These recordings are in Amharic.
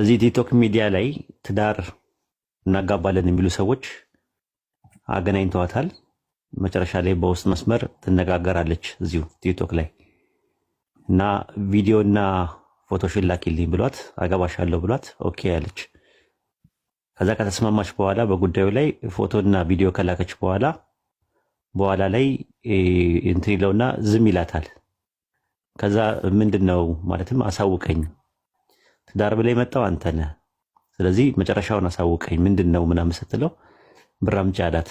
እዚህ ቲክቶክ ሚዲያ ላይ ትዳር እናጋባለን የሚሉ ሰዎች አገናኝተዋታል። መጨረሻ ላይ በውስጥ መስመር ትነጋገራለች እዚሁ ቲክቶክ ላይ እና ቪዲዮና ፎቶሽን ላኪልኝ ብሏት አገባሻለሁ ብሏት ኦኬ ያለች። ከዛ ከተስማማች በኋላ በጉዳዩ ላይ ፎቶና ቪዲዮ ከላከች በኋላ በኋላ ላይ እንትን ይለውና ዝም ይላታል። ከዛ ምንድን ነው ማለትም አሳውቀኝ ትዳር ብለህ የመጣው አንተ ነህ። ስለዚህ መጨረሻውን አሳውቀኝ ምንድን ነው ምናምን ስትለው ብር አምጪ አላት።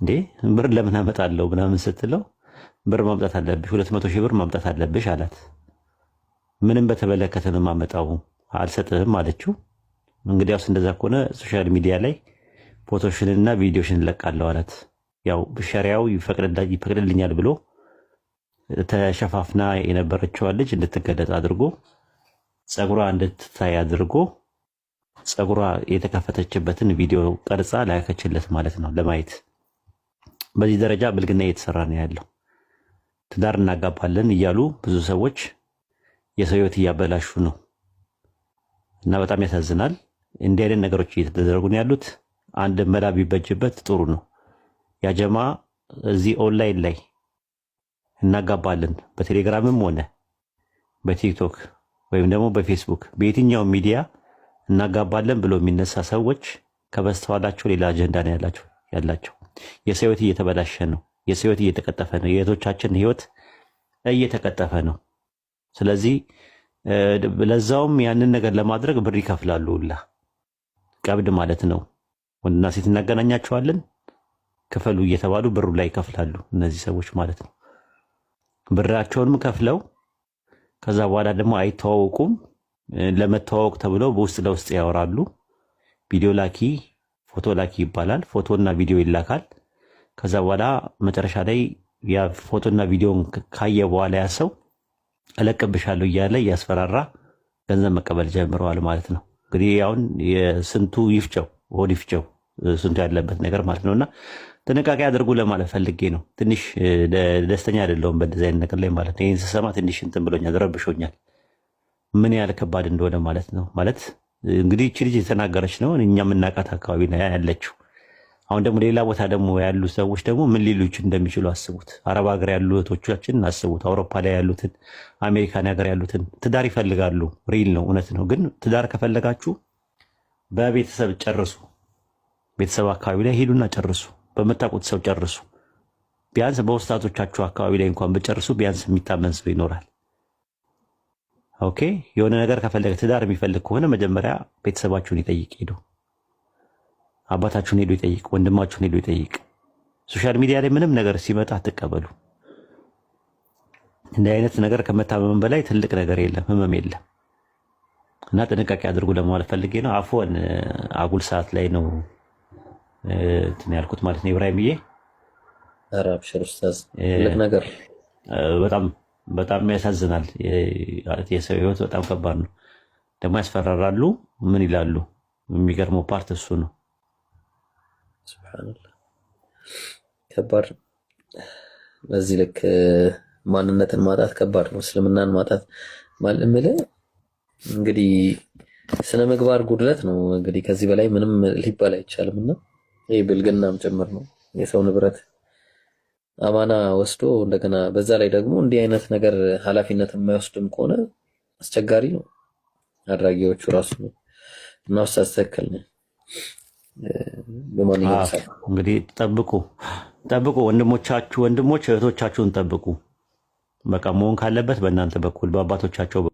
እንዴ ብር ለምን አመጣለሁ ምናምን ስትለው ብር ማምጣት አለብሽ፣ ሁለት መቶ ሺህ ብር ማምጣት አለብሽ አላት። ምንም በተመለከተ ነው የማመጣው አልሰጥህም አለችው። እንግዲያውስ እንደዛ ከሆነ ሶሻል ሚዲያ ላይ ፎቶሽንና ቪዲዮሽን እለቃለሁ አላት። ያው ሸሪያው ይፈቅድልኛል ብሎ ተሸፋፍና የነበረችዋን ልጅ እንድትገለጽ አድርጎ ፀጉሯ እንድትታይ አድርጎ ፀጉሯ የተከፈተችበትን ቪዲዮ ቀርጻ ላከችለት ማለት ነው ለማየት። በዚህ ደረጃ ብልግና እየተሰራ ነው ያለው። ትዳር እናጋባለን እያሉ ብዙ ሰዎች የሰው እያበላሹ ነው እና በጣም ያሳዝናል። እንዲህ አይነት ነገሮች እየተደረጉ ነው ያሉት። አንድ መላ ቢበጅበት ጥሩ ነው። ያጀማ እዚህ ኦንላይን ላይ እናጋባለን በቴሌግራምም ሆነ በቲክቶክ ወይም ደግሞ በፌስቡክ በየትኛው ሚዲያ እናጋባለን ብሎ የሚነሳ ሰዎች ከበስተኋላቸው ሌላ አጀንዳ ነው ያላቸው ያላቸው የሰው እየተበላሸ ነው። የሰው እየተቀጠፈ ነው። የእህቶቻችን ህይወት እየተቀጠፈ ነው። ስለዚህ ለዛውም ያንን ነገር ለማድረግ ብር ይከፍላሉ ሁላ ቀብድ ማለት ነው። ወንድና ሴት እናገናኛቸዋለን ክፈሉ እየተባሉ ብሩ ላይ ይከፍላሉ እነዚህ ሰዎች ማለት ነው። ብራቸውንም ከፍለው ከዛ በኋላ ደግሞ አይተዋወቁም። ለመተዋወቅ ተብለው በውስጥ ለውስጥ ያወራሉ። ቪዲዮ ላኪ፣ ፎቶ ላኪ ይባላል። ፎቶና ቪዲዮ ይላካል። ከዛ በኋላ መጨረሻ ላይ ያ ፎቶና ቪዲዮን ካየ በኋላ ያ ሰው እለቅብሻለሁ እያለ እያስፈራራ ገንዘብ መቀበል ጀምረዋል ማለት ነው። እንግዲህ አሁን የስንቱ ይፍጨው ሆድ ይፍጨው። ስንቱ ያለበት ነገር ማለት ነው እና ጥንቃቄ አድርጉ ለማለት ፈልጌ ነው። ትንሽ ደስተኛ አይደለሁም በእንደዚህ አይነት ነገር ላይ ማለት ነው። ይህን ስሰማ ትንሽ እንትን ብሎኛል፣ ረብሾኛል። ምን ያህል ከባድ እንደሆነ ማለት ነው። ማለት እንግዲህ ች ልጅ የተናገረች ነው እኛ የምናውቃት አካባቢ ያለችው። አሁን ደግሞ ሌላ ቦታ ደግሞ ያሉ ሰዎች ደግሞ ምን ሊሉች እንደሚችሉ አስቡት። አረብ ሀገር ያሉ እህቶቻችን አስቡት። አውሮፓ ላይ ያሉትን፣ አሜሪካን ሀገር ያሉትን ትዳር ይፈልጋሉ። ሪል ነው፣ እውነት ነው። ግን ትዳር ከፈለጋችሁ በቤተሰብ ጨርሱ። ቤተሰብ አካባቢ ላይ ሄዱና ጨርሱ። በምታውቁት ሰው ጨርሱ። ቢያንስ በውስጣቶቻችሁ አካባቢ ላይ እንኳን ብጨርሱ ቢያንስ የሚታመን ሰው ይኖራል። ኦኬ የሆነ ነገር ከፈለገ ትዳር የሚፈልግ ከሆነ መጀመሪያ ቤተሰባችሁን ይጠይቅ። ሄዱ አባታችሁን ሄዱ ይጠይቅ፣ ወንድማችሁን ሄዱ ይጠይቅ። ሶሻል ሚዲያ ላይ ምንም ነገር ሲመጣ አትቀበሉ። እንዲህ አይነት ነገር ከመታመም በላይ ትልቅ ነገር የለም፣ ህመም የለም። እና ጥንቃቄ አድርጉ ለማለት ፈልጌ ነው። አፎን አጉል ሰዓት ላይ ነው እንትን ያልኩት ማለት ነው። ኢብራሂምዬ አብሽር ኡስታዝ ትልቅ ነገር በጣም በጣም ያሳዝናል። የሰው ህይወት በጣም ከባድ ነው። ደግሞ ያስፈራራሉ። ምን ይላሉ? የሚገርመው ፓርት እሱ ነው። ሱብሃነላህ ከባድ። በዚህ ልክ ማንነትን ማጣት ከባድ ነው። እስልምናን ማጣት ማለት እንግዲህ ስነ ምግባር ጉድለት ነው። እንግዲህ ከዚህ በላይ ምንም ሊባል አይቻልም እና ይህ ብልግናም ጭምር ነው። የሰው ንብረት አማና ወስዶ እንደገና በዛ ላይ ደግሞ እንዲህ አይነት ነገር ኃላፊነት የማይወስድም ከሆነ አስቸጋሪ ነው። አድራጊዎቹ ራሱ ነው እና እንግዲህ ጠብቁ ጠብቁ፣ ወንድሞቻችሁ ወንድሞች እህቶቻችሁን ጠብቁ። በቃ መሆን ካለበት በእናንተ በኩል በአባቶቻቸው